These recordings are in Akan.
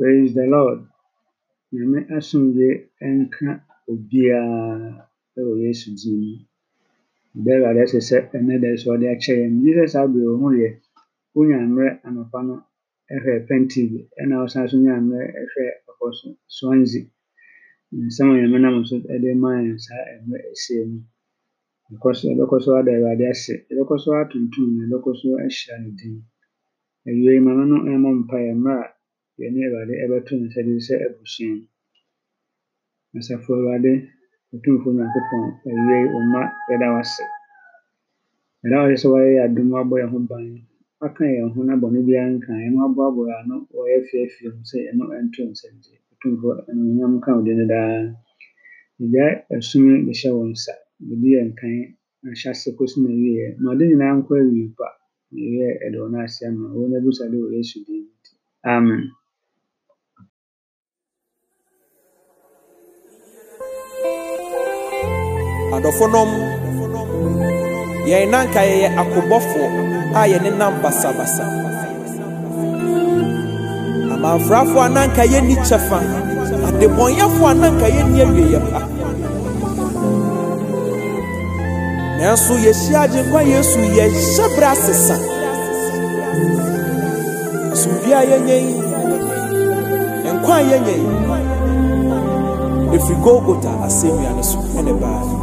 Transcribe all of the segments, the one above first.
Praise the Lord. Nyame asomdwe nka obiara wɔ Yesu din mu. Da Awurade ase sɛ ɛnɛ da yi so ɔde akyɛ yɛn. Gye sɛ saa bere wo ho yɛ. Wonya mmerɛ anɔpa no hwɛ Pen TV, ɛna wosan so nya mmerɛ hwɛ Apostle Swansea. Nsɛm a Nyame nam so de maa yɛn saa mmerɛ ɛsɛ mu. Ɛkɔ so yɛbɛkɔ so ada Awurade ase. Yɛbɛkɔ so atontom no, yɛbɛkɔ so ahyira ne din. ma yɛne Awurade ɛbɛto nsa de sɛ abusua no asafo Awurade otumfo nyankopɔn awiei wo yɛda wase yɛda wase sɛ adom abɔ yɛn ho ban aka yɛn ho na bɔne biara nka ɛno aboaboa yɛn wɔyɛ fiafia mu sɛ ɛno ɛnto anuonyam wo no daa nsa yɛ nkan ahyɛ ase kɔsi na ɔde nyinaa nkɔ awie pa ɛyɛ no ase ama ɔdɔfonom yɛn nanka yɛyɛ akobɔfoɔ a yɛne nam basabasa amanfrafoɔ a nanka yɛnni kyɛfa adebɔnyɛfoɔ a nanka yɛnni awieyɛ pa nanso yɛhyia agyenkwa yesu yɛhyɛ berɛ asesa asomdua yɛnyɛ yi nkwa yɛnyɛ yi ɛfiri golgota asɛnnua no so ɛne baa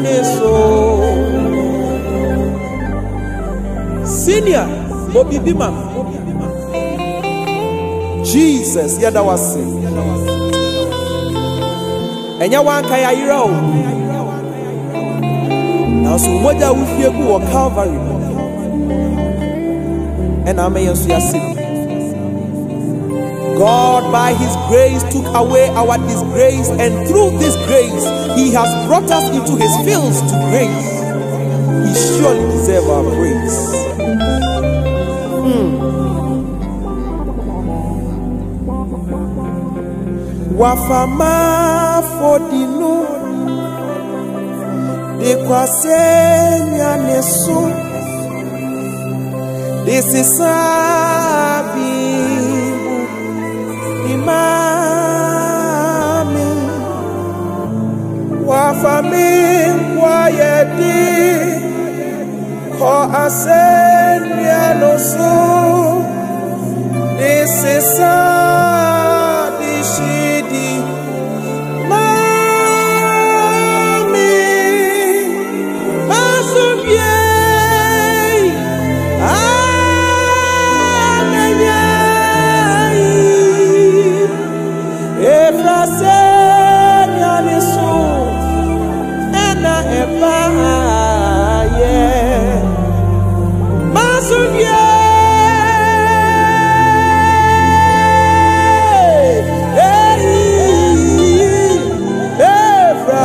nso senior obibi ma jesus yɛda wase ɛnyɛ wanka yɛ ayerɛ o nanso mogya a wofie gu wɔ calvary mu ɛna ama yɛn nso god by his grace took away our disgrace, and through this grace, he has brought us into his fields to grace. We surely deserve our grace. Mm. Wafama no, de kwasenya this is sisabi mami wafami wayedi kɔ asɛnua no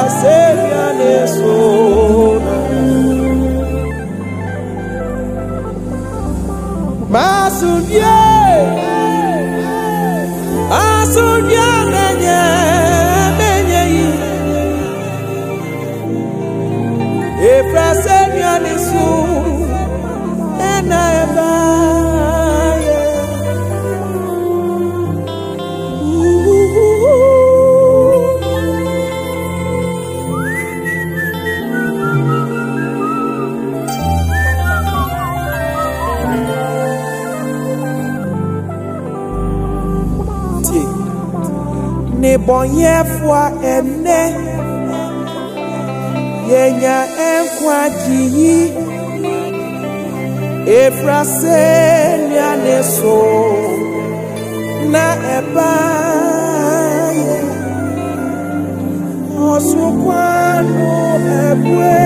said. onye fwa ene yenya enkwa jiyi efraselia so na eba. ebaye osukwanu ebue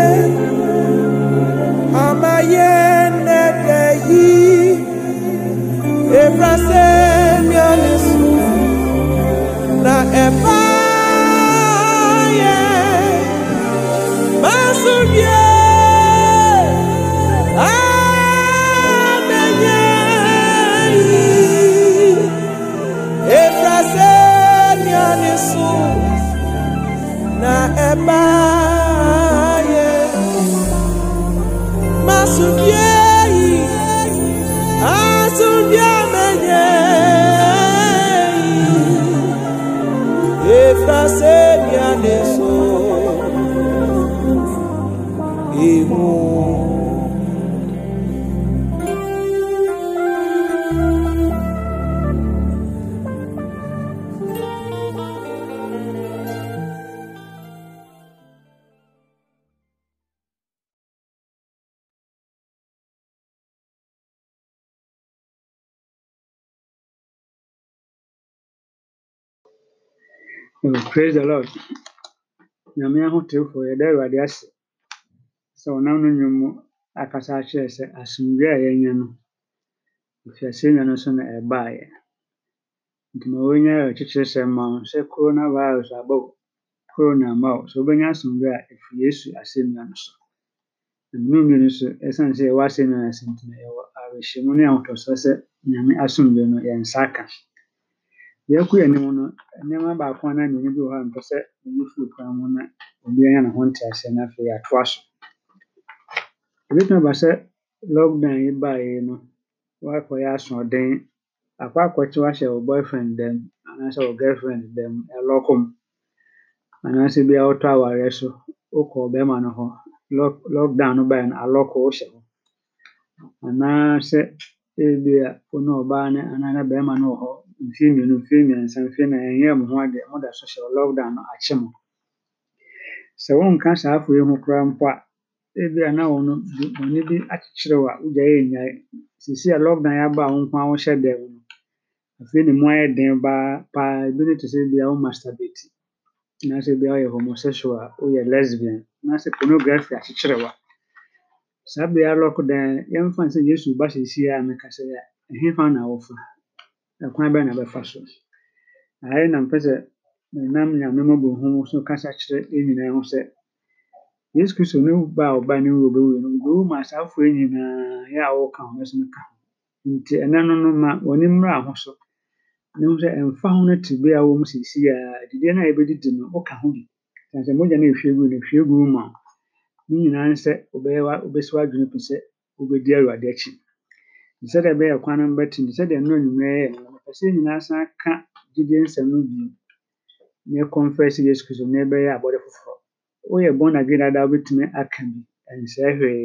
amaye nedeyi efraselia forever. praise the lord nyame ahotefoɔ yɛda awurade ase sɛ ɔnam no nwom mu akasa akyerɛ sɛ asomdwee a yɛanya no mfiasenya no so na ɛbaeɛ nti ma wɔnya akyekyere sɛ ma wo sɛ corona virus aba wo corona ma wo sɛ wobɛnya asomdwee a ɛfiri yesu asɛnnua no so nnome no so ɛsiane sɛ yɛwɔ asɛnnua no ase nti na yɛwɔ awerɛhyɛmu ne ahotɔsoɔ sɛ nyame asomdwee no yɛnsa aka yɛkɔ yɛn anim no nneɛma baako a na mmienu bi wɔ hɔ a mpɛ sɛ meyi firi kwan mu na obi anya ne ho nte aseɛ na afei yɛatoa so ebɛtumi aba sɛ lockdown yi baeɛ no woakɔyɛ asoɔden akɔ akɔkyew ahyɛ wo boyfriend dɛm anaasɛ wo girlfriend dɛm ɛlɔko mu anaasɛ bia wotɔ awareɛ so wokɔ ɔbɛrima no hɔ lock lockdown no baeɛ no alɔko wohyɛ hɔ anaasɛ ebia wo ne ɔbaa no anaa ne bɛrima no wɔ hɔ mfe mmienu, mfe mmiɛnsa, mfe na ɛnyɛɛ mo ho ade moda so hyɛ lockdown no akye mo. Sɛ wonka saa afo yi ho koraa mpo a, ebi a na wo no bɔne bi akyekyere wo a wogyae nnyae. Seesei a lockdown aba a wo nko ara wohyɛ dɛm no, afei ne mu ayɛ den baa paa. Ebi ne te sɛ bi a wo masturbate, anaasɛ bi a woyɛ homosexual, woyɛ lesbian, anaasɛ pornography akyekyere wo a, saa bere lockdown yɛmfa no sɛ Yesu ba seesei a meka sɛ yi a, ɛhe na wɔfa? ɛkwan bɛn na bɛfa so ayɛ na mpɛ sɛ nam nyame mmɔbɔ ho so kasa kyerɛ nyinaa ho sɛ yesu kristo ne ba a ɔba ne wuro bɛwuro no bɛwu ma asaafoɔ nyinaa yɛ a wɔka ho ɛso no ka ho nti ɛna no no ma wɔne mmra ho so ne ho sɛ ɛmfa ho no te bi a wɔn sisi a adidiɛ no a yɛbɛdidi no ɔka ho bi sɛ mogya no ehwie gu no ehwie gu mu ne nyinaa sɛ ɔbɛyɛ wa ɔbɛsi wa adwene pi sɛ ɔbɛdi awurade akyi sɛdeɛ ɛbɛyɛ kwan no bɛte ne sɛdeɛ nyinaa yɛ no ɔpɛ sɛ yɛn nyinaa san ka gyidie nsɛm no bi na yɛkɔmfɛse yesu kristo na yɛbɛyɛ abɔde foforɔ woyɛ bɔn na dwene dada wobɛtumi aka bi ɛnsɛe hwee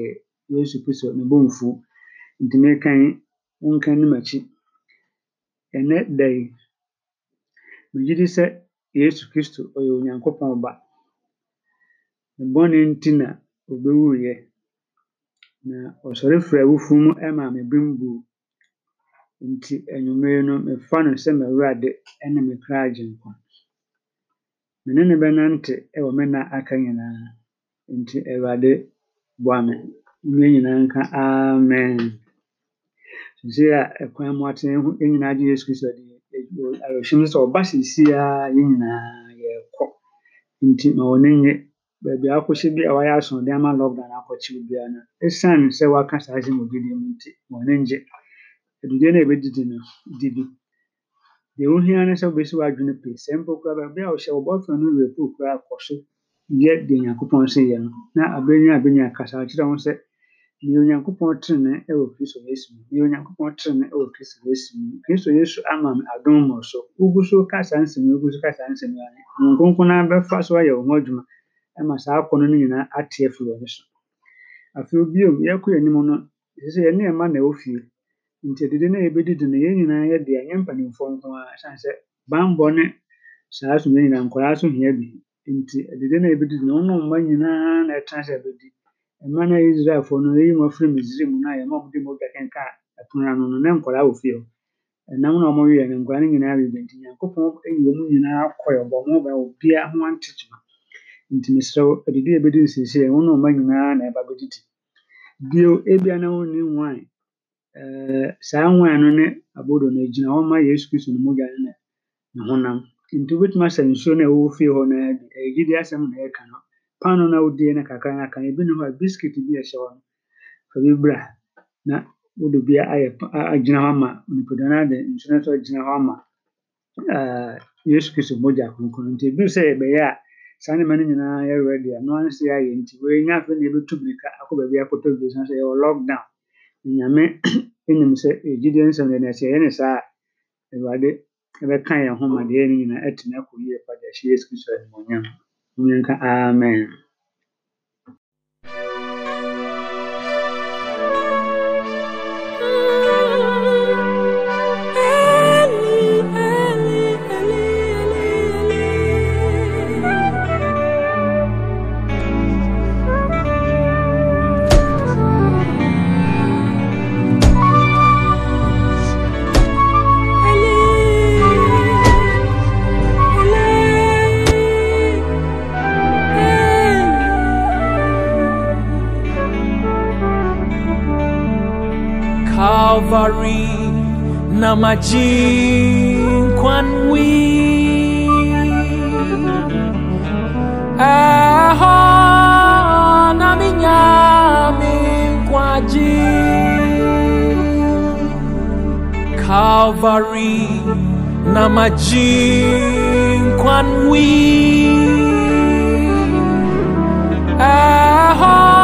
yesu kristo ne bo mfu nti mekan wonka ne m'akyi ɛnɛ da yi megye di sɛ yesu kristo ɔyɛ onyankopɔn ba ne bɔne nti na obɛwuiɛ na ɔsɔre firi awufo mu ɛma me bembuo Nti anwummere no mefa no sɛ m'Awurade ne me Kraagyenkwa. Me ne no bɛnante wɔ me nna aka nyinaa. Nti Awurade boa me. Nnua nyinaa nka Amen. Sisi a ɛkwan mu atena yɛn ho yɛn nyinaa agye Yesu Kristo adi. Awerɛhyɛm sɛ ɔba seesei ara yɛn nyinaa yɛrekɔ. Nti ma w'ani nnye. Baabi a akɔhyɛ bi a wɔayɛ asoɔden ama lockdown akɔkyew biara no, ɛsiane sɛ wɔaka saa asɛm wɔ Biblia mu nti, ma w'ani nnye. Adwadie no a yɛbɛdidi no di bi. Deɛ ohia ne sɛ wobesi w'adwene pii sɛ mpo koraa baabi a wohyɛ wo boyfriend no werɛ afiw koraa kɔ so yɛ deɛ Onyankopɔn sɛ yɛ no na abɛnya e abɛnya kasa akyerɛ ho sɛ deɛ Onyankopɔn trenee wɔ Kristo Yesu mu. Deɛ Onyankopɔn trenee wɔ Kristo Yesu mu. Kristo Yesu ama me adom mmoroso. Wogu so ka saa nsɛm yi, wogu so ka saa nsɛm yi a, Honhom na no bɛfa so ayɛ wo ho adwuma ama saa akɔnnɔ no nyinaa ate afiri w'ani so. Afei bio, yɛkɔ yɛn anim no, sɛ yɛn mma na ɛwɔ fie nti adidi no a yɛbɛdidi no yɛn nyinaa yɛ dea nyɛ mpanimfoɔ nko ara asiane sɛ bammɔ ne saa so nyinaa nkwadaa so hia bi nti adidi no a yɛbɛdidi no wɔn a mma nyinaa na ɛtena sɛ ɛbɛdi mma no yɛ israelfoɔ no yɛyi wɔn afiri misiri mu na yɛ ma wɔde mogya kenka ɛpono ano no ne nkwadaa wɔ fie hɔ ɛnam na wɔyɛ no nkwadaa no nyinaa bɛbɛ nti nyankopɔn ayi wɔn nyinaa kɔɛ ɔbɔ wɔn bɛ obiara ho antetema nti mesrɛ adidi na ɛba bɛdidi bio ebia na Eh, saa nwaa no ne abodo no egyina hɔ ma yesu kristo no mogya no ne honam nti wobɛtumi asa nsuo no a ɛwɔ fie hɔ no adi ɛyɛ gyidi asɛm na ɛka no paano na a wodie no kakra no aka ebi ne hɔ a biskit bi ɛhyɛ hɔ no fa bi bra na wode bi ayɛ agyina hɔ ama nipadua no ade nsuo no nso agyina hɔ ama eh, yesu kristo mogya kronkron nti ebi sɛ ɛbɛyɛ a saa nneɛma no nyinaa yɛwerɛ deɛ no ano sɛ yɛayɛ nti wɔanya afei na yɛbɛtu mirika akɔ baabi akɔtɔ bi sɛ yɛwɔ lockdown nyame nim sɛ gyidie nsɛm deɛ neɛsɛ yɛne saa a awurade ɛbɛka yɛn ho ma deɛ yɛ no nyinaa atumi akɔ yie pa de ahyɛ yesu kristo animonyam amen nào mà chỉ quan ho na mi nhà mi qua chi Calvary na ma chi quan ho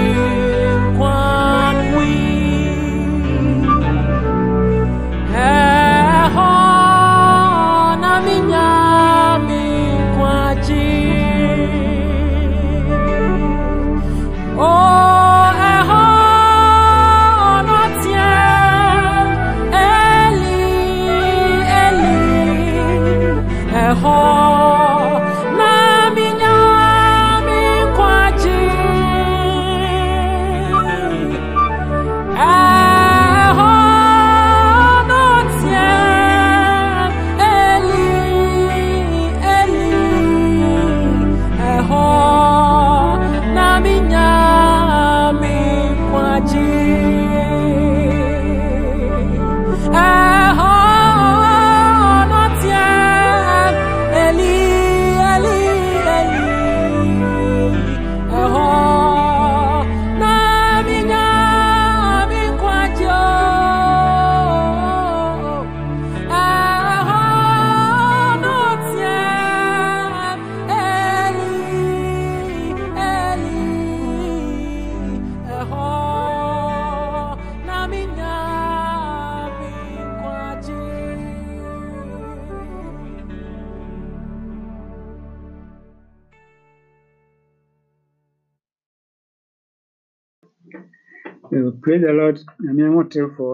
the Lord, nyame ahotefoɔ.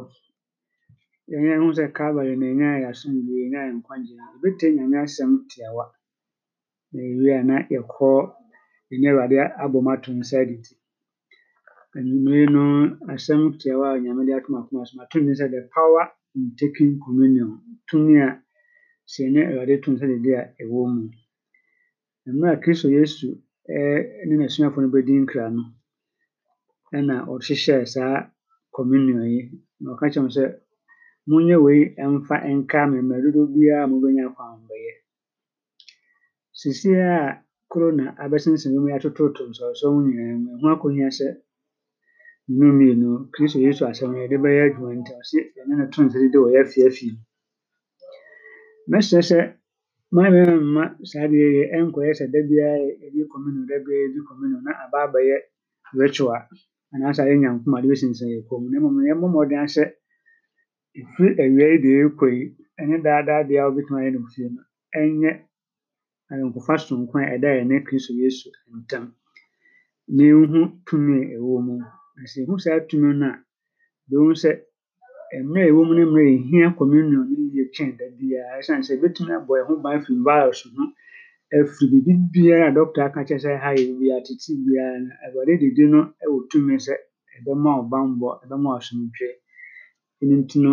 Yɛn yɛn ho sɛ Calvary na ɛnya yɛ asomdwoe, ɛnya yɛ nkwagye. Yɛbɛtie nyame asɛm tiawa. Na yɛwie a na yɛkɔ yɛne Awurade abɔ mu ato nsa adidi. Anwummere no, asɛm tiawa a nyame de ato m'akoma so, mato ne sɛ the power in taking communion. Tumi a sɛ yɛne Awurade to nsa didi a ɛwɔ mu. Mmerɛ a Kristo Yesu eh, ne n'asuafoɔ no bɛdi nkra no, ɛna ɔhyehyɛɛ saa communion yi na ɔka kyerɛ me sɛ monyɛ wei mfa nka me mmerɛ dodoɔ biara a mobɛnya akɔ amebɛyɛ. Sesie a korona abɛsensɛn mu yi atototo nsɔresɔm nyinaa mu, ɛho akɔhia sɛ nnum mmienu Kristo Yesu asɛm no yɛde bɛyɛ adwuma nti ɔse yɛne no to nsa didi wɔ yɛafiafi mu. Mɛsrɛ sɛ maame mma saa adeɛ yi ɛnkɔyɛ sɛ da biara yɛdi communion da biara yɛdi communion na aba abɛyɛ virtual anaasɛ ayɛ nyankoma de bɛsinsan yɛ kɔn mu na mmom yɛmmɔ mmɔden ahyɛ efiri awia yi de ekɔ yi ɛne daadaa deɛ a wobɛtumi ayɛ no wɔ fie no ɛnyɛ ayɔnkofa sononko a ɛda yɛn ne kristo yesu ntam na ehu tumi a ɛwɔ mu na sɛ ehu saa tumi no a bɛhu sɛ mmerɛ a ɛwɔ mu ne mmerɛ a ehia communion ne yɛ twɛn da biara sɛ ebɛtumi abɔ ɛho ban firi virus ho afiri biribi biara a dɔkota aka kyerɛ sɛ ha yɛ biara tete biara no awurade dede no wɔ tumi sɛ ɛbɛma wo bammɔ ɛbɛma wo asomdwe ɛno nti no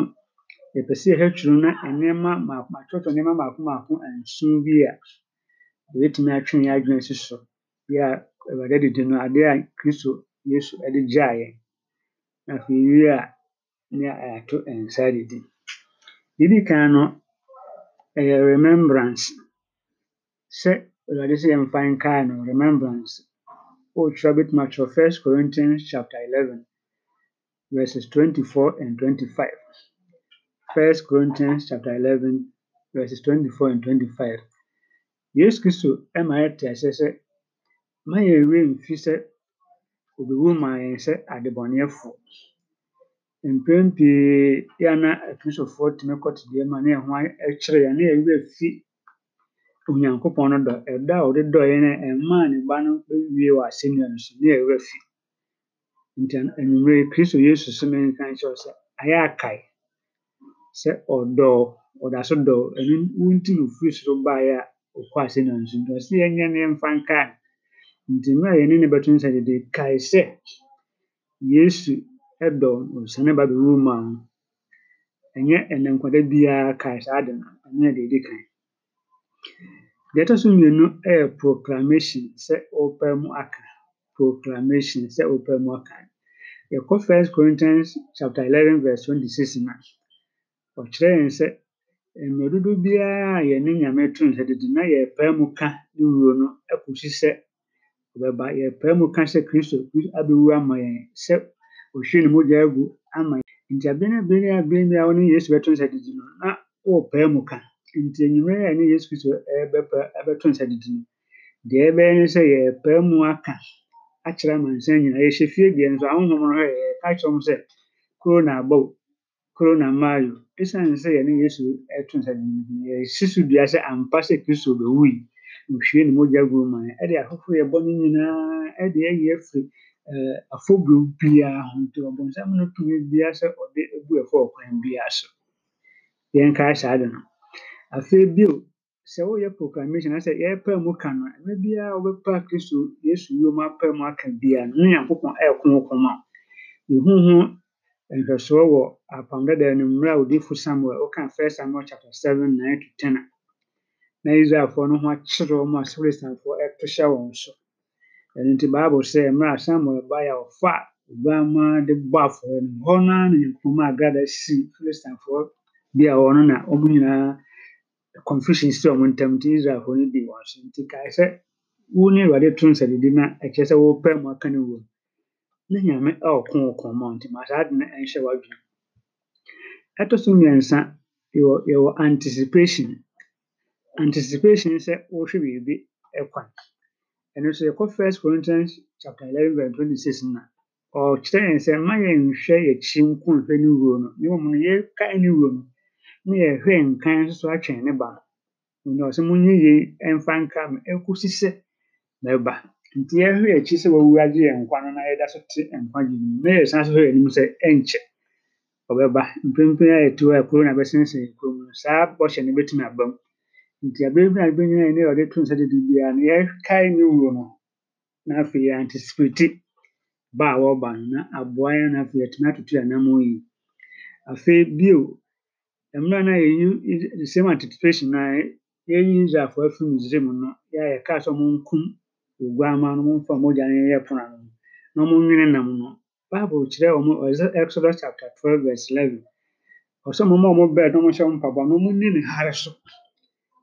yɛpɛ sɛ yɛhwɛ twerɛ na nneɛma mmaako atwerɛtwerɛ nneɛma mmaako mmaako nson bi a yɛbɛtumi atwe yɛn adwene si so yɛ a awurade dede no adeɛ a kristo yesu de gyaa yɛn na afei wie a ne yɛato nsa adidi didi kan no ɛyɛ remembrance sɛ Awurade sɛ yɛmfa nkae no remembrance wɔretwerɛ bɛtumi akyerɛ first corinthians chapter 11 verses 24 and 25 first corinthians chapter 11 verses 24 and 25 yesu kristo ma yɛte ahyɛ sɛ ma yɛwie mfi sɛ obiwu ma yɛn sɛ adebɔneyɛfo mpɛn pii yɛ a na akristofoɔ tumi kɔte deɛ ma na yɛn ho akyerɛ yɛn na yɛwerɛ afi Onyankopɔn no dɔ, ɛdɔ a ɔde dɔe no, ɛmmaa ne Ba no wiee wɔ asennua no so na ɛwerɛ fii. Enti anwummere yi, Kristo Yesu som nka nkyerɛ wo sɛ, ayɛ akae sɛ ɔdɔ wo. Ɔda so dɔ wo. Ɛno wo nti na ofiri soro baeɛ a ɔkɔɔ asennua no so nti ɔse yɛnyɛ ne yɛmfa nkae Nti mmerɛ a yɛne no bɛto nsa didi, kae sɛ Yesu dɔ wo na ɔsiane ba abɛwu maa wo. Ɛnyɛ ɛnam kwada biara kae saa ade no. Ɛno yɛ deɛ ɛdi kan. Deɛ so mmienu yɛ proclamation sɛ wɔrepae mu aka. Proclamation sɛ mu aka. Yɛkɔ First Corinthians chapter 11 verse twenty six ɔkyerɛ yɛn sɛ mmerɛ biara a yɛne Nyame to nsa na yɛrepae mu ka ne wuo no kɔsi sɛ ɔbɛba. Yɛrepae mu ka sɛ Kristo abɛwu ama yɛn, sɛ ne mogya agu ama yɛn. Nti na mu Nti anwummere a ɛne Yesu Kristo rebɛpa abɛto nsa didi no, deɛ yɛbɛyɛ ne sɛ yɛrepae mu aka akyerɛ amansa nyinaa. Yɛhyɛ fie deɛ nso ahonhom no hɔ yɛka kyerɛ wɔn sɛ koro na abɔ wo, na mmaa Esiane sɛ yɛne Yesu to nsa didi no, yɛsi so dua sɛ ampa sɛ Kristo bɛwui, ohwie ne mogya guu ma yɛn, ɛde ahoforo yɛ bɔne nyinaa ɛde ayi afiri eh, afɔbuo biara ho nti ɔbonsam no tumi biara sɛ ɔde abu ɛfɔ ɔkwan biara so. Yɛnkae saa ade no. Afei bio, sɛ woyɛ proclamation na sɛ yɛrepae mu ka no, ɛma biara Kristo Yesu mu mu aka no, ne Nyankopɔn Yɛhuhu nhwɛsoɔ wɔ apam dada no mmerɛ a Samuel Samuel chapter to na Israelfoɔ no ho akyerɛ wɔn a Filistifoɔ ɛto hyɛ wɔn so. Ɛno nti Bible sɛ mmerɛ a Samuel baeɛ a ɔfa de bɔ no hɔ no ara na nkurom a Gad asi Filistifoɔ bi a confucians a wɔntam nti israelfoɔ no di wɔn so nti kae sɛ wo ne awurade to nsɛdedi na ɛkyerɛ sɛ wopɛ mu aka no wɔ na nyame ɔko wo kɔn ma nti ma saa de no ɛnhyɛ w'adwene ɛtɔ so mmiɛnsa yɛwɔ yɛwɔ anticipation anticipation sɛ wohwɛ biribi ɛkwan ɛno nso yɛkɔ first corinthians chapter eleven verse twenty six na ɔkyerɛ yɛn sɛ mma yɛnhwɛ yɛkyi nko nhwɛ ne wuo no ne wɔn no yɛka ne wuo no na yɛhwɛɛ nkan nso atwɛn ne ba no na ɔsɛ nka me sɛ nti akyi sɛ wawu agye nkwa no na yɛda so te mu na so sɛ ɛnkyɛ ɔbɛba mpempe a yɛtu a kuro na bɛsensɛn kurom no saa bɔhyɛ bɛtumi nti na bi a bɛnyina ne ɔde to nsa didi biara no yɛkae ne wuo no na afei yɛantisipeti ba a wɔba no na aboa yɛn na afei yɛtumi yɛn mmerɛ no yɛyi the same anticipation na yɛyi Israelfo afiri Misraim no yɛa yɛkaa sɛ ɔmonkum oguamma no momfa mogya no nyɛyɛ pon ano na ɔmonwene nam no Bible kyerɛ ɔmo Exodus chapter twelve verse eleven ɔsɛ ɔmo a ɔmo brɛɛ na ɔmo hyɛ ɔmo mpaboa na ɔmo ni ne hare so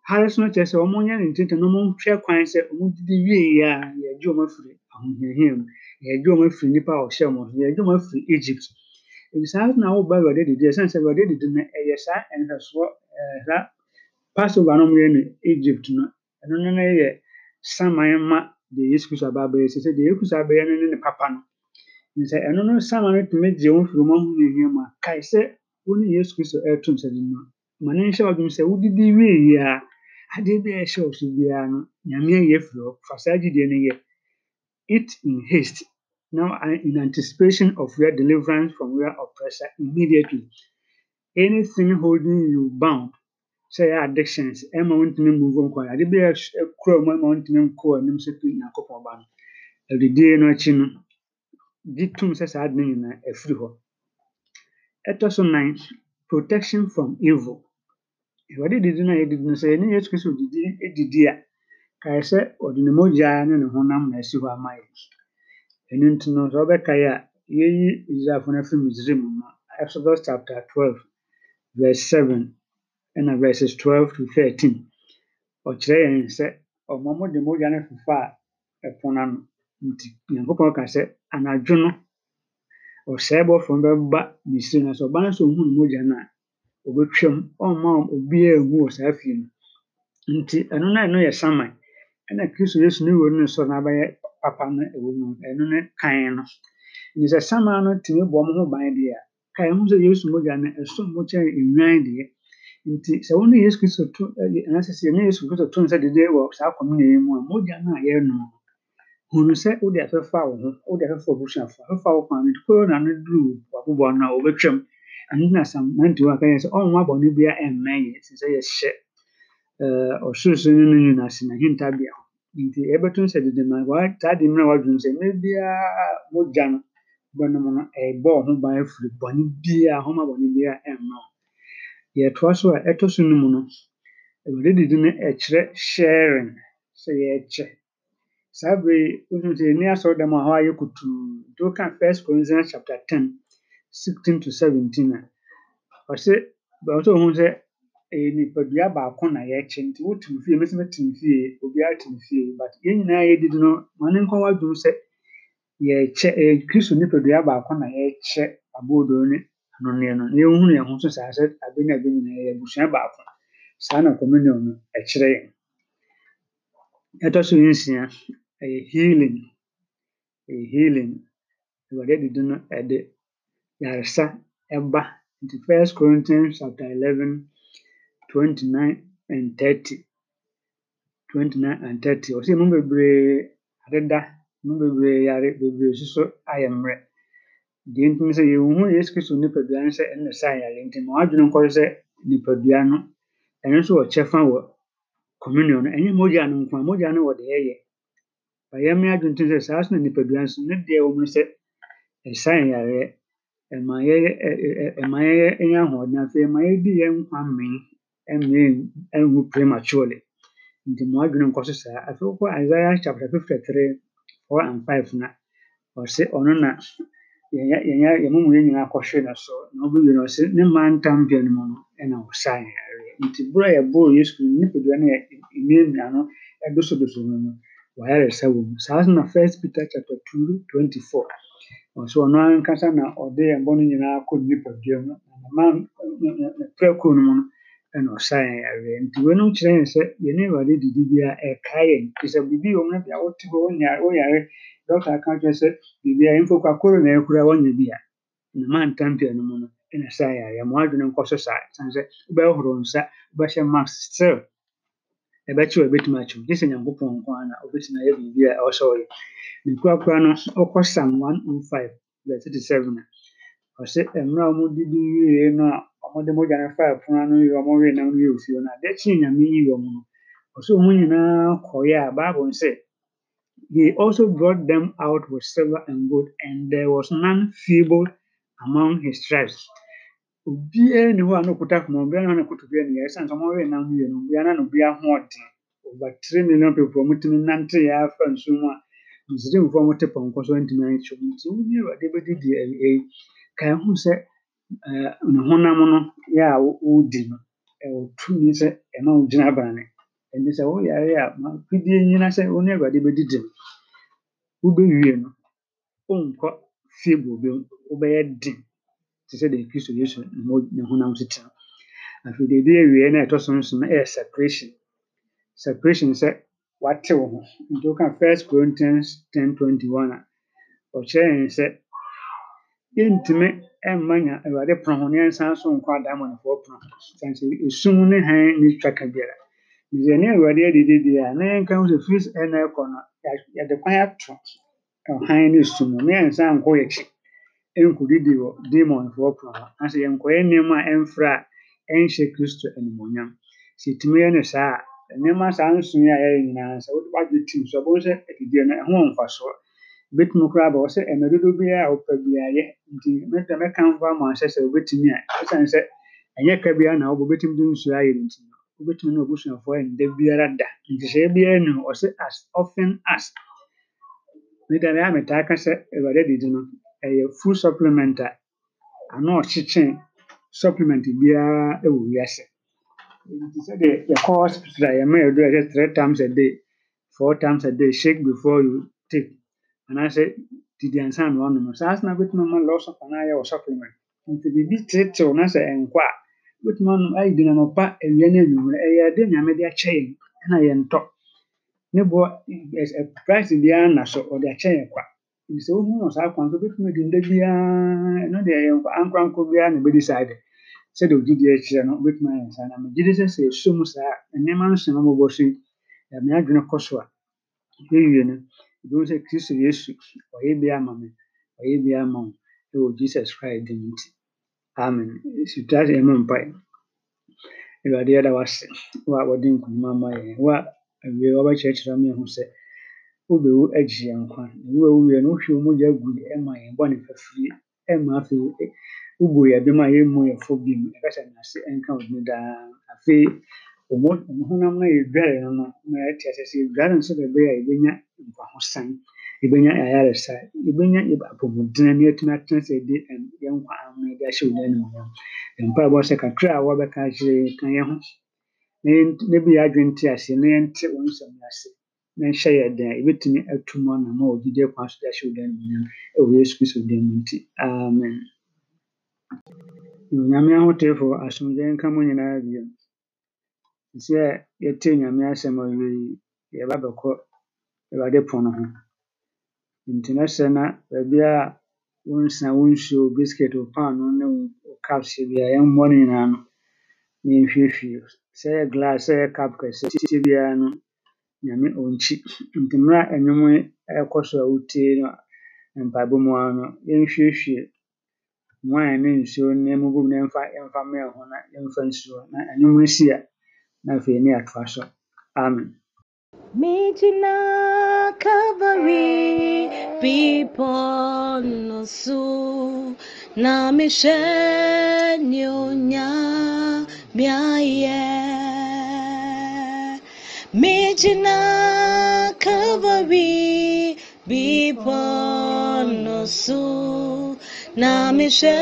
hare so no kyerɛ sɛ ɔmo nyɛ ne ntenten na ɔmo hwɛ kwan sɛ ɔmo didi wie yɛ a yɛgye ɔmo afiri ahohiahia mu yɛgye ɔmo afiri nipa a ɔhyɛ ɔmo so yɛgye afiri Egypt ebi saa na ɔreba awurade didi ɛsan sɛ awurade didi no ɛyɛ saa nhwɛsoɔ ɛɛ saa passover no wɔyɛ no egypt no ɛno no no yɛ saman ma deɛ yesu kristu aba abɛyɛ sɛ sɛ deɛ yesu kristu abɛyɛ no ne ne papa no nsɛ ɛno no saman no tumi gye wɔn firi wɔn ho ne hia mu a sɛ wɔn yesu kristu ɛɛto nsa di no ma ne nhyɛ wadum sɛ wodidi wie yie a adeɛ bi a ɛhyɛ ɔso biara no nyame ayɛ firi hɔ fa saa gyidie no yɛ eat in haste now in anticipation of your deliverance from your oppressor immediately. Anything holding you bound, say addictions, ɛma to move on I Ade bi a kura mu ɛma wɔntumi nkɔ anim sɛ pii nyakopɔn ba no. Adidie no akyi no, gye tom sɛ saa ade no nyinaa afiri hɔ. Ɛtɔ so nnan, protection from evil. Awurade did no a yɛdidi no sɛ yɛne of Kristo didi edidi a, kae sɛ ɔde ne mogya ne ne honam na asi hɔ Ɛno nti no sɛ wɔbɛkae a yeeyi Israelfo no ɛfiri Misraim no Exodus chapter twelve verse seven ɛna verses twelve to thirteen ɔkyerɛ yɛn sɛ ɔmo ɔmo de mogya no fefaa ɛpo n'ano nti Nyankopɔn ka sɛ anadwo no ɔsɛɛbɔfo no bɛba Misraim na sɛ ɔbaa no sɛ ohun mogya no a obetwam ɔmma obiara ngu wɔ saa fie no nti ɛno na ɛno yɛ saman ɛna Kristo Yesu ne wura no sɔre n'abɛyɛ papa no ɛwɔ mu ɛno ne kan no nyisansama no tumi bɔ ɔmo ho ban deɛ kan ho sɛ yesu mogya no ɛso mo kyɛn enwan deɛ nti sɛ wɔn ne yesu kristo to ɛyɛ anasɛ sɛ yesu kristo to nsa dede wɔ saa kɔmina yi mu a mogya no a yɛrenom hunu sɛ wode afɛfa wo ho wode afɛfa abusuafo afɛfa wo kwan no korona no duru wabobɔ no a wɔbɛtwam ɛno na sam nanti wɔ akayɛ sɛ ɔnwa bɔne bia ɛmmɛn yɛ sɛ sɛ yɛhyɛ ɔsorosoro no no nti yɛbɛto sɛ dede ma saa de mmerɛ wadwene sɛ mmerɛ biara mogya no bɛnom no ɛbɔ ho ban afiri e bɔne biara homa bɔne biara ɛmma e wo yɛtoa e so a eto so no mu no awurade didi no ɛkyerɛ sharing sɛ yɛkyɛ saa bere wohu sɛ yɛni asɔredam a hɔ ayɛ kutuu nti woka first corinthians chapter 10 16 to 17 a ɔse bɛwɔ sɛ wohu sɛ ɛyɛ nipadua baako na yɛkye nti wotum fie mesi metum fie obiara tum fie but yɛn nyinaa yɛdidi no ma ne nkɔn wadum sɛ yɛkyɛ ɛyɛ eh, kristo nipadua baako na yɛkyɛ aboodo ne anonneɛ no na yɛhunu yɛn ho so saa sɛ abe ne nyinaa yɛ abusua baako saa na communion no ɛkyerɛ yɛn yɛtɔ so nsia ɛyɛ healing ɛyɛ healing awurade didi no ɛde yaresa ɛba nti first corinthians chapter eleven 29 and 30 29 and 30 ɔsɛ mu bebree adeda mu bebree yare bebree soso ayɛ mmerɛ deɛ ntum sɛ yɛhu yesu kristo nipadua no sɛ ɛna saa yare nti ma wadwene nkɔ sɛ nipadua no ɛno nso wɔ kyɛfa wɔ communion no ɛnyɛ mogya no nko a mogya no wɔde ɛyɛ ba yɛme adwene ntim sɛ saa so na nipadua nso ne deɛ wɔ mu sɛ ɛsa yɛn yareɛ ɛma yɛyɛ ɛma yɛyɛ ɛnyɛ ahoɔden afei ɛma yɛdi yɛn nkwa mmɛn mmie nhu prematurely nti ma ɔdwene nkɔ so saa afei wokɔ Isaiah chapter 53 4 and 5 na ɔse ɔno na yɛnya yɛmomuyɛ nyinaa kɔhwe no so na wobɛwie no ɔse ne mmaa ntampia no mu no ɛna ɔsae areɛ nti bere a yɛbɔɔ yesu kristo nipadua no yɛmiamia no ɛdosodoso no no wɔyaresa wɔ mu saa so na first peter chapter 2 24 ɔso ɔno ankasa na ɔde yɛn bɔ no nyinaa kɔ nipadua mu na prɛko no mu no ɛna ɔsan yɛn awie nti wɔn no kyerɛ yɛn sɛ yɛn ne awurade didi bi a ɛka yɛn sɛ biribi wɔ mu no bia wɔte hɔ wɔyare dɔkta ka kyerɛ sɛ biribi a mfo kwa koro na ɛkura wɔnyɛ bi a na mantampia no mu no ɛna saa yɛareɛ ma wadwene nkɔ so saa sane sɛ wobɛhohoro nsa wobɛhyɛ mask still ɛbɛkye wɔ ɛbɛtumi akyɛm gye sɛ nyankopɔn nko ara na wobɛtumi ayɛ biribi a ɛwɔ sɛ ɔyɛ ne kurakura no ɔkɔ sam 105 verse 37 a ɔsɛ mmerɛ a wɔmde di wie no wɔde mogya no faa pono ano yɛ ɔmo wee no yɛ osuo no adekyee nyame yi wɔn no ɔso wɔn nyinaa kɔyɛ a bible sɛ he also brought them out with silver and gold and there was none feeble among his tribes obiara ne hɔ a no kuta kɔmɔ obiara ne ho ne koto obiara ne yɛ ɛsan sɛ ɔmo wee nam no yɛ no obiara na obiara ho ɔden over three million people ɔmo tumi nante yɛ afa nsuo mu a misirimfoɔ ɔmo te pɔnkɔ so ntumi ahyɛ ɔmo nti wɔn nyɛ ɛwɔ ade bɛdi deɛ ɛyɛ kan ho sɛ. ne honam no yɛ a wodi no ɛwɔ tumi sɛ ɛma wo gyina abrane ɛnti sɛ woyare a mafidie nyina sɛ wo ne awurade bɛdidi no wobɛwie no wonkɔ fie bobe wobɛyɛ den te sɛ deɛ kristo yesu ne honam so tena afei deɛ ɛdi awie no a ɛtɔ so nso no ɛyɛ separation separation sɛ wate wo ho nti woka first corinthians 10 21 a ɔkyerɛ yɛn sɛ yɛntumi ɛmma nya pono ho nsan so nkɔ adamɔnefoɔ pono sane esum ne han ne twa biara deɛ ne awurade adidi na ho sɛ fis ɛna ɛkɔ no yɛde kwan ato ne sum nkɔ yɛkyi wɔ pono ho na sɛ ya nneɛma a ɛnhyɛ kristo animonyam sɛ tumi yɛ no saa nneɛma saa nyinaa so sɛ no ɛho Obetumi koraa aba hɔ sɛ ɛmɛ dodow biara a ɔpɛ biara yɛ nti me deɛ mɛkamfo ama ahyɛ sɛ obetumi a ɛsiane sɛ ɛnyɛ ka biara na ɔbɔ obetumi de nsuo ayɛ no nti no obetumi na obusuafoɔ ayɛ no da biara da nhyehyɛe biara nu ɔsɛ as often as me deɛ ɛyɛ a metaa ka sɛ Awurade adidi no ɛyɛ food supplement a ano ɔkyekyere supplement biara ɛwɔ wiase nti sɛdeɛ yɛkɔ hospital a yɛma yɛduru a yɛhwɛ three times a day four times a day shake before you take anaasɛ didiansa na ɔnom saa asena bɛtumi ama lɔɔso kwan ayɛ wɔ supplement nti biribi tetew na sɛ nkɔ a bɛtumi anom ayi di nanɔpa awia no anwummerɛ ɛyɛ ade nyame de akyɛ yɛn ɛna yɛntɔ ne boɔ price biara na so ɔde akyɛ yɛn kwa nti sɛ wohu wɔ saa kwan so bɛtumi adi nda biara ɛno deɛ yɛn ankorankɔ biara na bɛdi saa de sɛdeɛ ogyidi akyerɛ no wobɛtumi ayɛ saa na megye de sɛ sɛ ɛso mu saa nneɛma no hyɛ no mmɔbɔ so yi ɛme adwene kɔ so a ɛwie no ebinom sɛ kristo yesu ɔyɛ bi ama me ɔyɛ bi ama wo ɛwɔ jesus christ din nti amen suta sɛ ɛma mpae awurade yɛda wase wo a wɔde nkonim ama yɛn wo a awie wɔbɛkyerɛkyerɛ me ho sɛ wobɛwu agye yɛn nkwa wo a wowie no wohwɛ wo mogya gu ɛma yɛn bɔne fafiri ɛma afei wobu yɛ bem a yɛmmu yɛfo bi mu ɛkasa nase ɛnka wo dini daa afei wɔn wɔn honam no yɛ dware no no na yɛte ase sɛ dware nso bebree a yɛbɛnya nkwahosan yɛbɛnya ayaresa yɛbɛnya apɔmuden na yɛtumi atena sɛ ɛde yɛn nkwa ama yɛde ahyɛ wɔn anim wɔn mpa bɔ sɛ kakra a wɔbɛka akyerɛ yɛn ka yɛn ho na yɛn na bi yɛadwe nte ase na yɛnte wɔn nsɛm ase na nhyɛ yɛn dan yɛbɛtumi atu mu anam a wɔgye de kwan so de ahyɛ wɔn anim wɔn ɛwɔ yesu kristo dan mu nti amen nyame ahotefo asomdwe nka mo nyinaa bio sɛ yɛtee Nyame asɛm a yɛba bɛkɔ Awurade ho. Nti na sɛ na a wo nsa, wo nsuo, wo biscuit, wo paanoo ne wo biara yɛmmɔ no nyinaa no, na yɛnhwiehwie. Sɛ ɛyɛ glass, sɛ biara no, Nyame ɔnkyi. Nti mmerɛ a so a no no, yɛnhwiehwie wine ne na na yɛmfa na no a, na afei ne yɛatoa amen na mishe ne onya meayɛ megyina calvary bepɔ na mishe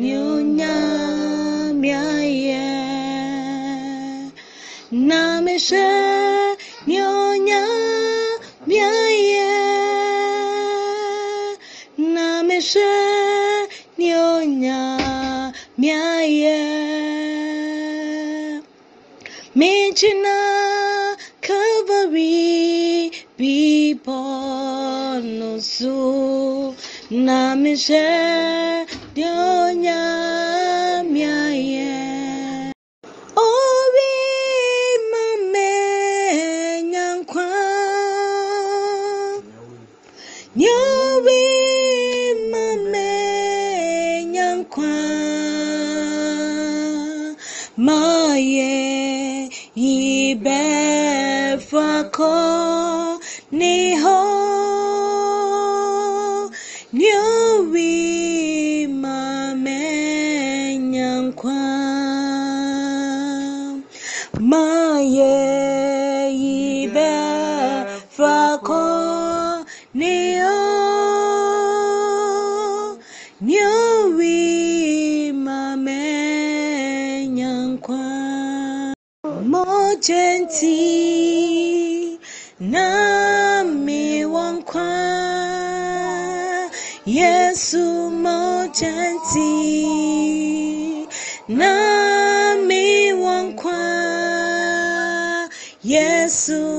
ne onya namesha nyonya miaye namesha nyonya miaye mechina kavari bibonosu namesha nyonya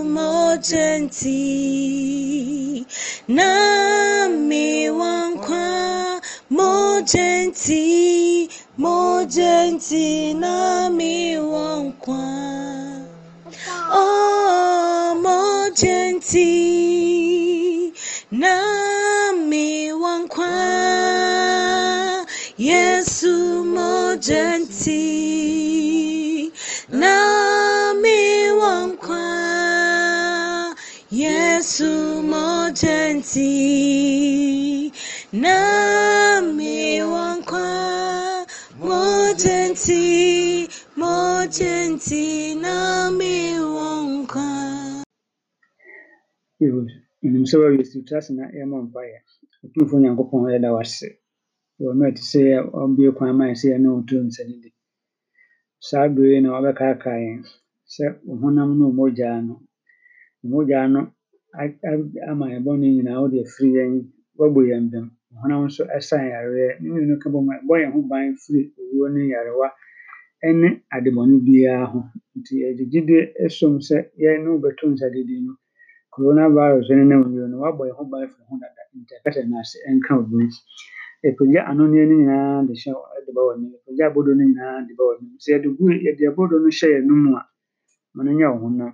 more gentle. Na me one kwa more gentle, more gentle. Na me one kwa. Oh, more gentle. nasi nami wankwa mojenti mojenti nami wankwa nim sɛ wayɛ siwtase na ɛma mpaeɛ ɔtumfo nyankopɔn yɛda wase wɔmɛte sɛ ɔmbie kwan ma sɛ yɛne ɔturo nsɛne de saa bere na wɔbɛkaakaa sɛ honam no mogyaa no mogyaa no ama yɛn bɔne nyinaa wode afiri yɛn woabɔ yɛn bɛn ɔhonam nso ɛsan yareɛ ne mmienu ka bɔ mu ɛbɔ yɛn ho ban firi owuo ne yarewa ne adebɔne biara ho nti yɛde gyidie sɛ yɛn ne wobɛto nsa didi no corona virus ne nam wie no woabɔ yɛn ho ban firi ho dada nti ɛkasa no ase ɛnka obi ɛpagya ano ne no nyinaa de hyɛ de ba w'anim ɛpagya abodo no nyinaa de ba w'anim sɛ yɛde gu yɛde abodo no hyɛ yɛn no mu a ma no nyɛ wo honam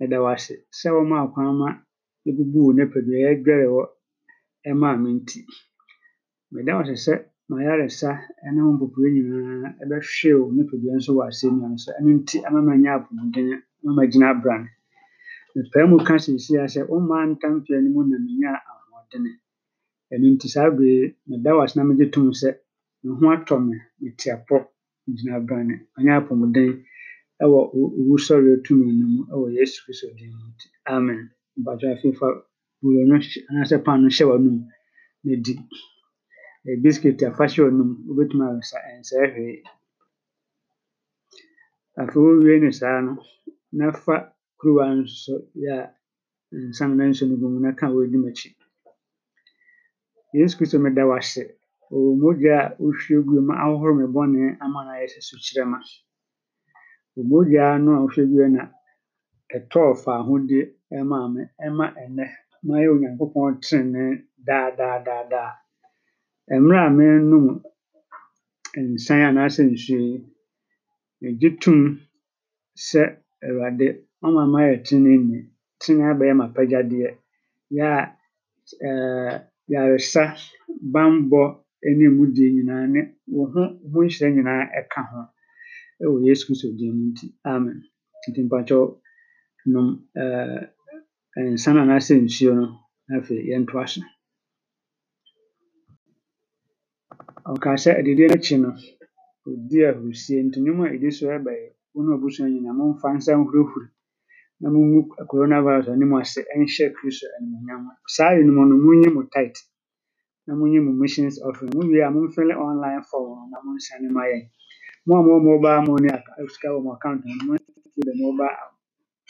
meda wo ase sɛ wɔma akwanma ebubu wo nipadua ɛdware hɔ ɛmaa me nti meda wo ase sɛ mayaresa ɛne ho mpopue nyinaa ɛbɛhwee wo nipadua nso wɔ asɛnnua no so ɛno nti ama manya apomuden ama magyina abran mepae mu ka seesia sɛ wo mmaa ntampea no mu na menyaa ahoɔdene ɛno nti saa bere meda wo ase na megye tom sɛ me ho atɔ me metiapɔ gyina abran anya apomuden ɛwɔ wusɔretumu no mu ɛwɔ yesu kristo din mu nti amen mpatsɔ afeefa buro no anaasɛ pan no hyɛ w'anum na di biskit afa hyɛ w'anum wobɛtumi awesa nsɛe hwee afei wowie no saa no na fa kuruwa nso yɛ a nsan na nso no gu mu na ka wɔadi m'akyi yesu kristo meda wo ase ɔwɔ mogya a wohwie gu mu ahohoro me bɔne ama no ayɛ sɛ sukyerɛma m̀gbè o jì anụ à na ɛtɔɔfo ɛ̀tɔɔ̀ ahode ɛmaa me ɛma ɛnɛ ma ɔyɛ Onyankopɔn trenee daa daa daa daa. Ɛmberɛ a menom nsan anaasɛ nsuo yi, megye to mu sɛ Awurade ɔma mayɛ treneeni. Trenee abɛyɛ m'apagyadeɛ. Yɛ a ɛɛ yaresa, bammɔ ne emu die nyinaa ne wo ho wo ho nhyira nyinaa ka ho. over Jezus Christus die noemt. Amen. Nti mpakyɛw nom nsa no anaasɛ nsuo no afei yɛntoa so. Ɔkaa sɛ adidie no akyi no, ɔdi ahurisie nti nnwom a ɛdi so ɛba yɛ wo ne abusua nyinaa momfa nsa nhurihuri na mungu coronavirus anim ase ɛnhyɛ Kristo animuonyam. Saa yɛ no munyi mo tight na munyi mo missions offering. Muwie a momfɛle online form no na monsiane ma yɛn. Mo a mobile money sika wɔ wɔn account no mo ntumi de mobile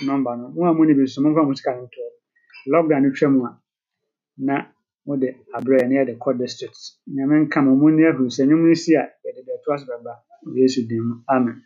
number no wɔn a monni bi nso momfa mo sika no to hɔ. Lockdown no twam a na mode abrɛ yɛn na yɛde kɔ district. Nyame nka mo, monni ahuru sɛ nnwom si a yɛde deɛ ɛtoa so bɛba wɔ Yesu din mu. Amen.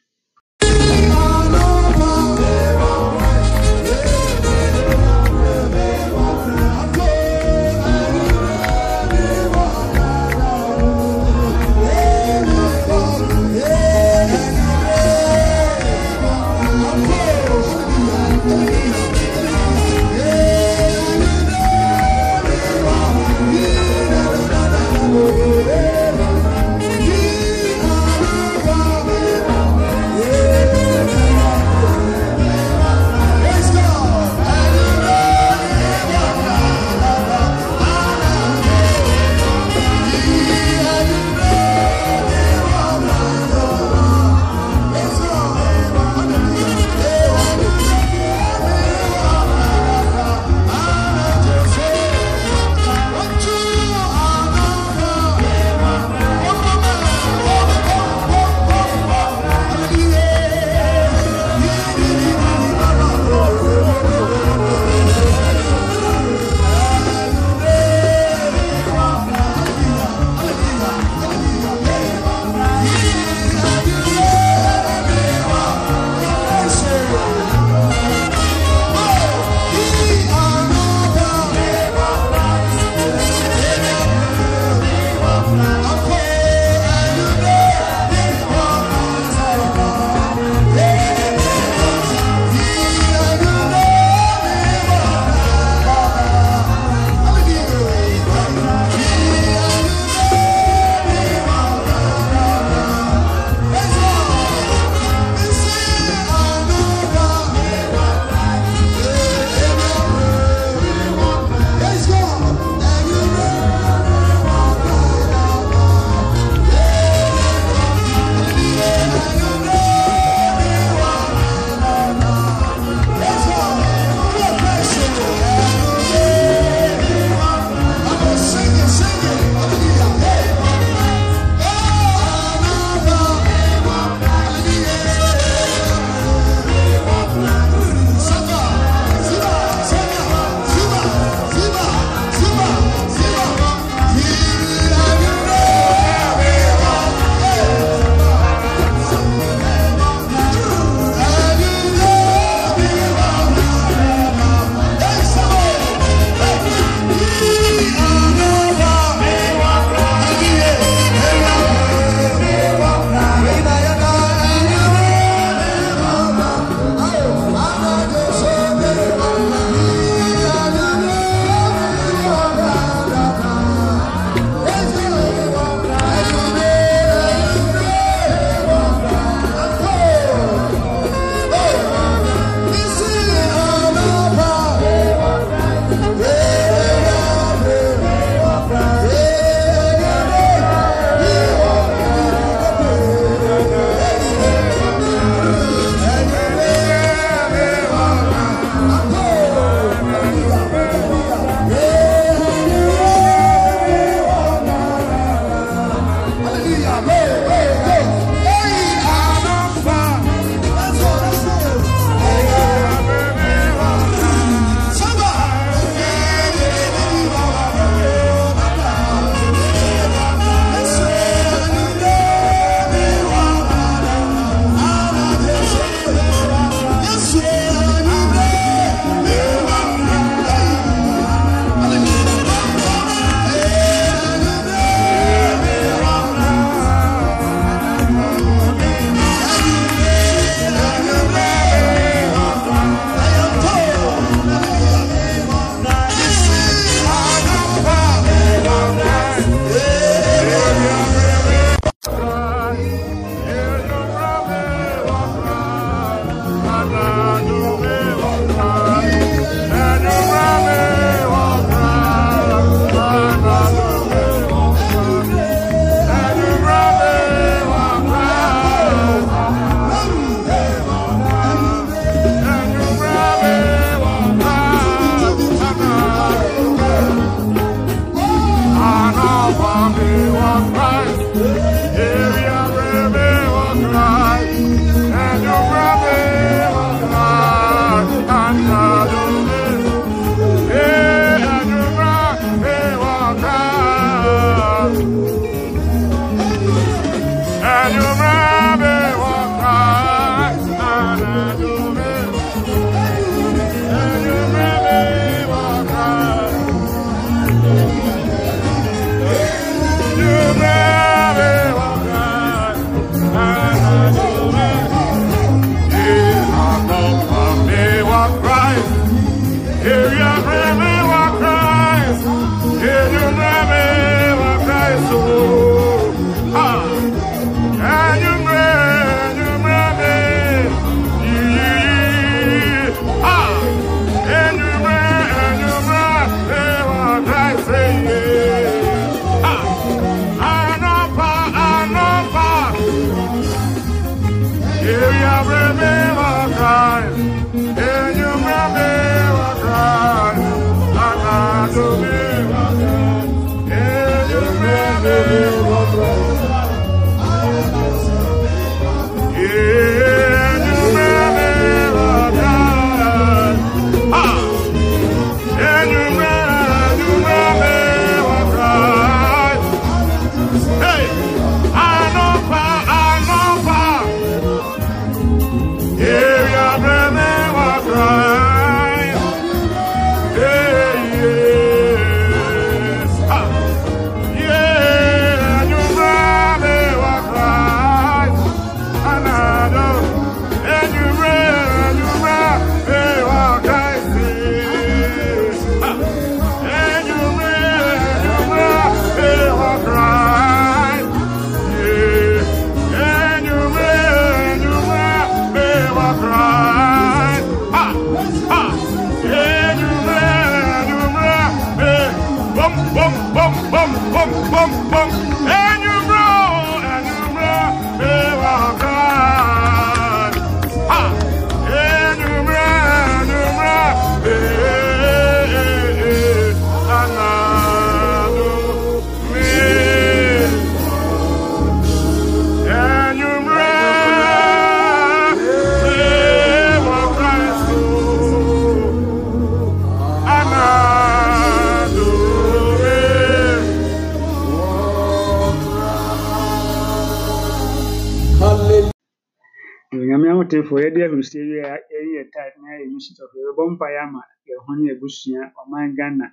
For yɛde ahurisie wie a yɛyi yɛn tae na yɛyɛ mission tɔfo. Yɛbɛbɔ mpaeɛ ama yɛn ho ne yɛn abusua, ɔman Ghana.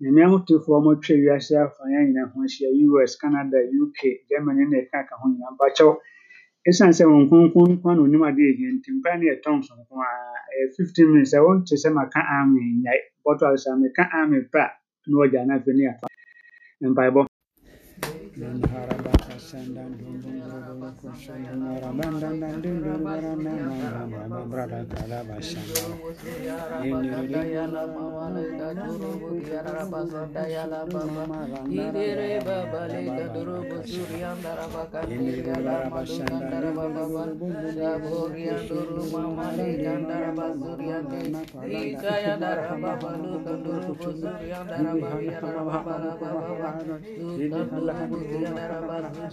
Nyame ahotefoɔ a wɔatwa wiase afa yɛn nyinaa ho ahyia US, Canada, UK, Germany ne ɛka ka ho nyinaa. Mpakyɛw, ɛsiane sɛ wɔn kronkron nko ara na onim adeɛ yɛ nti mpaeɛ no yɛ tɔnso nko ara. Ɛyɛ fifteen minutes a wɔnte sɛ maka ame nyae. Bɔtɔ asesa meka ame pɛ a na wɔagya no afei ne yɛafa. Mpaebɔ. Sandal dun dun dun kusandan maraban dan dan dun dun maraban maraban berada kada basan ini dia lama walika duru bukiara rabasan daya lama ini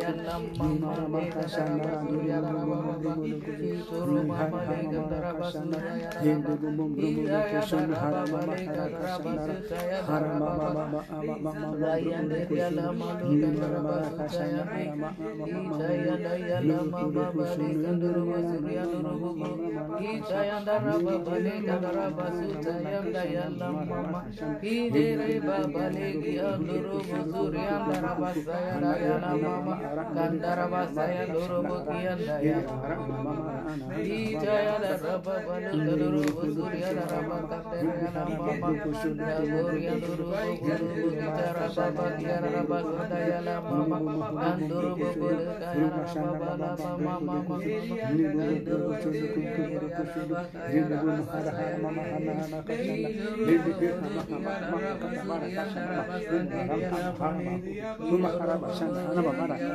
Ide re babale gi anduru muzuri andara basaya daya na mama Kandara Vasaya Doro Bokian Raba Raba Raba Raba Raba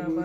Mama,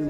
Ini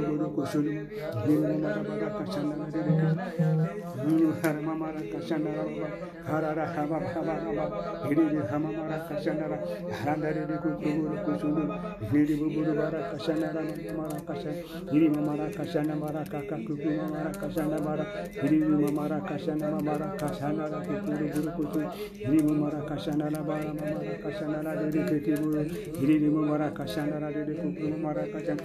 guru kusuru nina mara bara kachana mara nina hara mama mara kachana mara hara ra hama hama hama hiri ni hama mara kachana mara hara ndari ni guru kusuru hiri guru mara kachana mara mara kachana hiri mama mara kachana mara kaka kuku mara kachana mara hiri mama mara kachana mara kachana mara kusuru guru kusuru hiri mama mara kachana mara mara mara kachana mara hiri guru hiri mama mara kachana mara hiri kuku mara kachana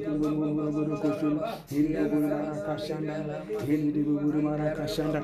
Guru Guru Guru Guru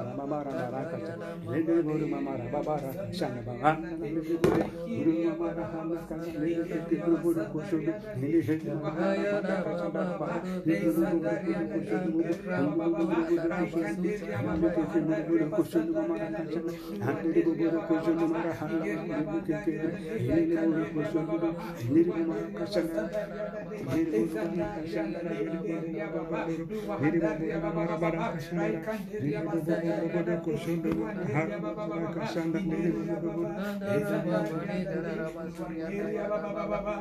mama mama ra ra ka cha le de guru mama ra baba ra shan ba ha guru mama ra ha na ka le de te guru guru ko shu ni le he mama ra ka ka cha ba ba le de guru guru ko shu mu mama mama ra ra ka de ya mama te te guru guru ko shu mama ra ka cha ha de guru guru ko shu mama ra ha na ka ke ke le de guru ko shu ni le mama ka cha na le de guru ka cha na le de ya baba du mama ra baba ra ka cha na le de guru diri kusundo har kasanda baba nere baba surya baba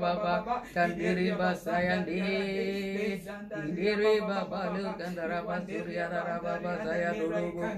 baba diri baba kandiri basayande idiri baba andara baba saya dulu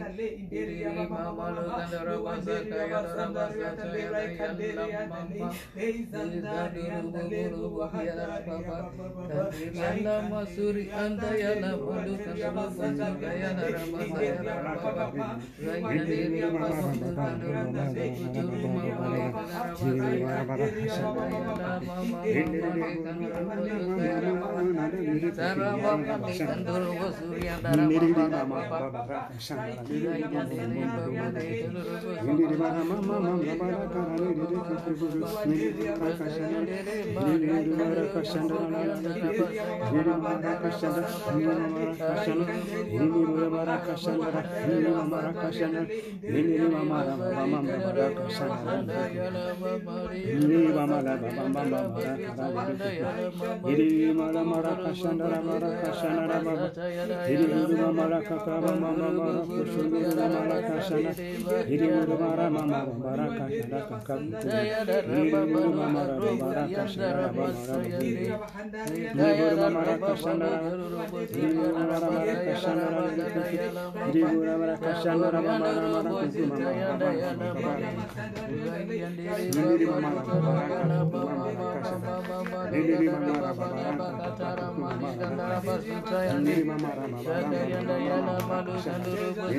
తండ్రి ఇండేరియా మమ్మలు తండ్రి వందకయ రమస్య చయయ యన్నమ్మ సూరి అంతయన బలు కందలు వందకయ రమస్య రమస్య సర్వ సూర్య Mara kashandara mara kashandara mara. Diri mara kashandara mara. Sendiri mama rama barama Baba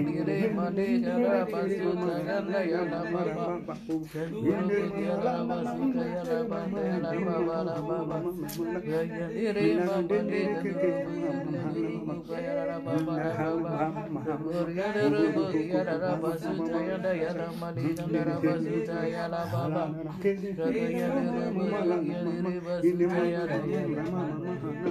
Mandire Mandira Basuta Gandaya Baba Yandere Basukaya Bandera Baba Baba Yandere Mandira Baba Yandere Bodiara Basuta Yandaya Mandira Basuta Yala Baba Yandere Bodiara Basuta Yala Baba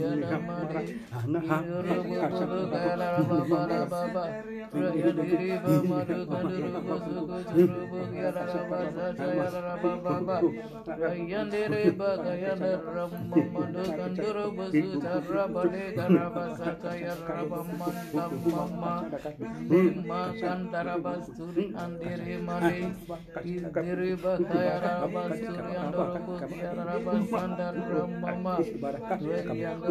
Iya, iya, mama,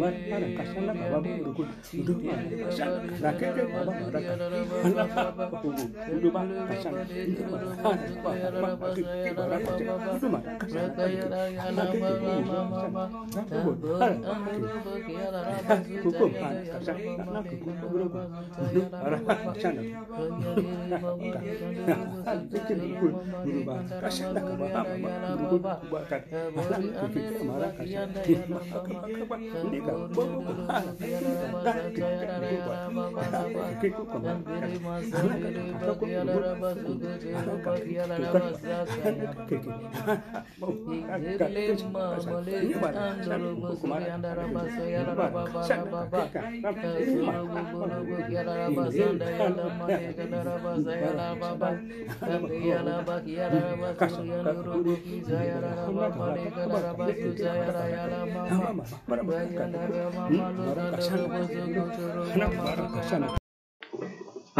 ada kasana baba murukun Uduma kasana Rakete baba maraka Manara kubu Uduma kasana Uduma kasana Uduma kasana Uduma kasana Kasih,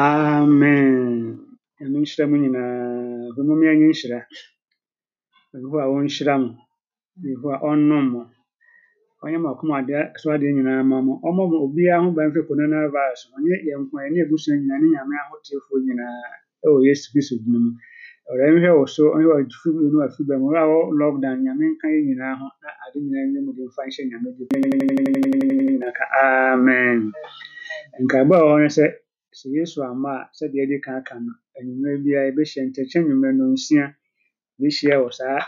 Amen. Emunhyira mu nyinaa. Bwe mu enyi na Obihu a wonhyira mo. Obihu a ɔnnom mo. Ɔnyɛ mo akoma Onye so adeɛ na ma enyi Ɔmmɔ mo obiara ho ban firi coronavirus ho. Ɔnyɛ Kristo ɔrehwehwɛ wo so ɔne wafiri mu ne wafiri ba mu wura wɔ lockdown nyame nka yɛ nyinaa ho na ade nyinaa nyɛ mu de mfa nhyɛ nyame de naka amen nkaebɔ a ɛwɔ no sɛ sɛ yesu ama a sɛdeɛ ɛde ka aka no anwummerɛ biara yɛbɛhyɛ nkyɛkyɛ nnwummerɛ no nsia yɛhyia wɔ saa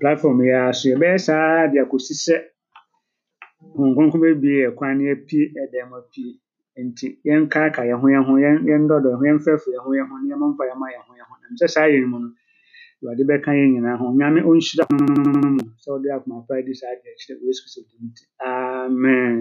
platform yi ara so yɛbɛyɛ saa de akɔsi sɛ honkonkro bɛbie yɛ kwan ne apue ɛdan mu apue nti yɛnkaaka yɛn ho yɛn ho yɛndɔdɔ yɛn ho yɛmfɛfo yɛn ho yɛn ho na yɛmma mfa yɛmma yɛn ho yɛn ho nam sɛ saa yɛn mu no awurade bɛka yɛn nyinaa ho nyame ɔnhyira mu sɛ wode akoma pa adi saa adeɛ kyerɛ yesu kristo din nti amen